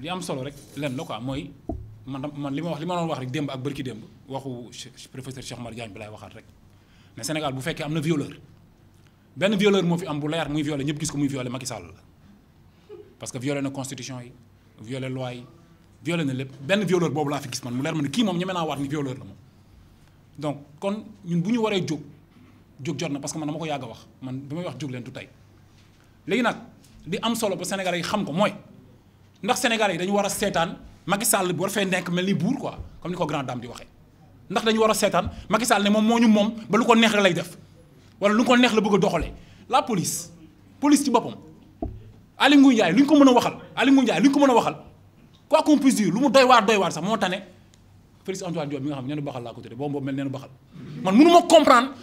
li am solo rek lenn la am mooy man man li ma wax li ma doon wax rek démb ak bërki démb waxu professeur Cheikh Omar Diagne bi laay waxaat rek ne Sénégal bu fekkee am na violeur benn violeur moo fi am bu leer muy violé ñëpp gis ko muy violé que violé na constitution yi violé loi yi violé na lépp benn violeur boobu laa fi gis man mu leer ma ne kii moom ñeme naa waat ni violeur la moom donc kon ñun bu ñu waree jóg jóg jot na parce que man dama ko yàgg wax man bi may wax jóg leen du tey léegi nag li am solo ba Sénégalais yi xam ko mooy ndax Sénégalais yi dañu war a seetaan Macky Sall bu war fee nekk mel ni buur quoi comme ni ko grande dame di waxee ndax dañu war a seetaan Macky Sall ne moom moo ñu moom ba lu ko neex la lay def wala lu ko neex la bëgg a doxalee la police police ci boppam Aly Ngouille Ndiaye lu ñu ko mën a waxal Aly Ngouille Ndiaye lu ñu ko mën a waxal quoi qu'on puisse dire lu mu doy waar doy waar sax moo tane Félix Antoine Diome mi nga xam ne neenu baxal laa ko tudde boobu boobu mel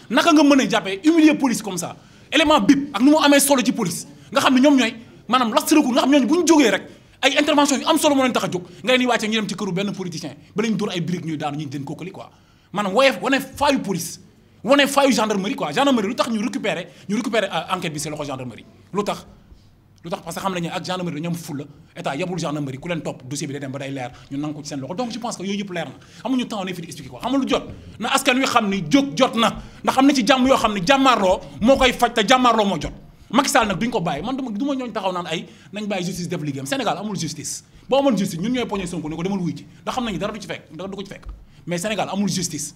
nga mën a jàppee humilier police comme ça élément bip mu amee solo ci police nga xam ne ñoom ñooy maanaam last recours nga xam ñooñu bu ñu jógee rek ay intervention yu am solo moo leen tax a jóg ngay ni wàcce ñu dem ci këru benn politicien ba lañ dóor ay briques ñuy daanu ñu den kookali quoi maanaam woyee wane faayu police wane faayu gendarmerie quoi gendarmerie lu tax ñu récupérer ñu récupérer euh, enquête bi c'est loxo gendarmerie lu tax lu tax parce que xam nañu ak gendarmerie dañu am fulla état yebul gendarmerie ku leen topp dossier bi day dem ba day leer ñu nangu ko ci seen loxo donc je pense que yooyu na na askan wi jàmm yoo xam ne jàmmaarloo moo koy faj te jàmmaarloo moo Macky Sall nag duñ ko bàyyi man du ma ñooñ taxaw naan ay nañ bàyyi justice def liggéeyam Sénégal amul justice boo amoon justice ñun ndax xam nañu dara du ci fekk dara du ko ci fekk mais Sénégal amul justice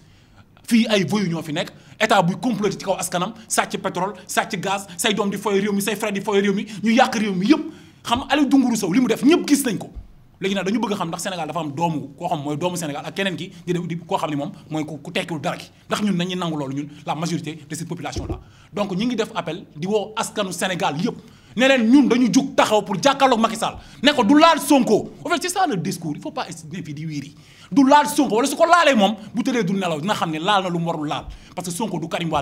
fii ay voyous ñoo fi nekk état bu comploter ci kaw askanam sàcc pétrole sàcc gaz say doom di fooy réew mi say frère di fooy réew mi ñu yàq réew mi yëpp xam Aliou Dunguru Sow li mu def ñëpp gis nañ ko léegi nag dañu bëgg xam ndax Sénégal dafa am doomu koo xam mooy doomu Sénégal ak keneen ki di di koo xam ni moom mooy ku tekkiwul dara ki ndax ñun nañuy nangu loolu ñun la majorité de cette population là donc ñu ngi def appel di woo askanu Sénégal yëpp ne ñun dañu jug taxaw pour jàkkaarloog Macky Sall ne ko du laal Sonko en fait c'est ça le discours il faut pas ne wiiri du laal Sonko wala su ko laalee moom bu tëddee du nelaw dina xam ne laal na lu mu warul laal parce que Sonko du Karim ko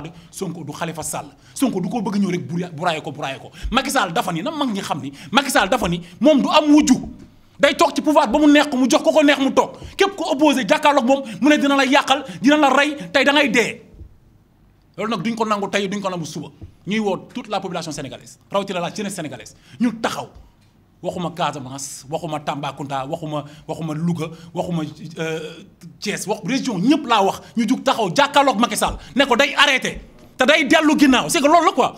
bëgg ñëw rek buraaye ko buraaye ko Macky Sall dafa ni na mag ñi xam ni Macky Sall moom du am wujju day toog ci pouvoir ba mu neex mu jox ko ko neex mu toog képp ku opposé jàkkaarloog moom mu ne dina la yàqal dina la rey tey da ngay dee loolu nag duñ ko nangu tey duñ ko nangu suba ñuy woo toute la population sénégalaise rawatina la jeunesse sénégalaise ñu taxaw waxuma Casamance waxuma Tambacounda waxuma waxuma Louga waxuma euh, Thiès wax région ñëpp laa wax ñu jug taxaw jàkkaarloog Macky Sall ne ko day arrêté te day dellu ginnaaw c'est que loolu la quoi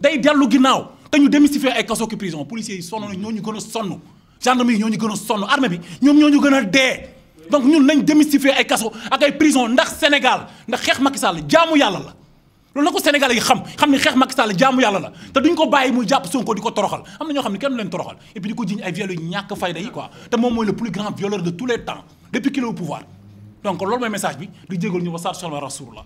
day dellu ginnaaw te ñu démystifier ay kaso ki prison policiers ñoo ñu gën a sonn. gendarmerie ñoo ñu gën a sonn armée bi ñoom ñoo ñu gën a dee donc ñun nañ démystifier ay kaso ak ay prison ndax Sénégal ndax xeex Macky Sall yàlla la loolu na ko Sénégal yi xam xam ne jaamu yàlla la te duñ ko bàyyi muy jàpp Sonko di ko toroxal am na ñoo xam ne kenn du leen toroxal et puis di ko jiñ ay viol ñàkk fayda yi quoi te moom mooy le plus grand violeur de tous les temps depuis qu'il pouvoir donc loolu mooy message bi di jégal ñu wasaar solma rasulullah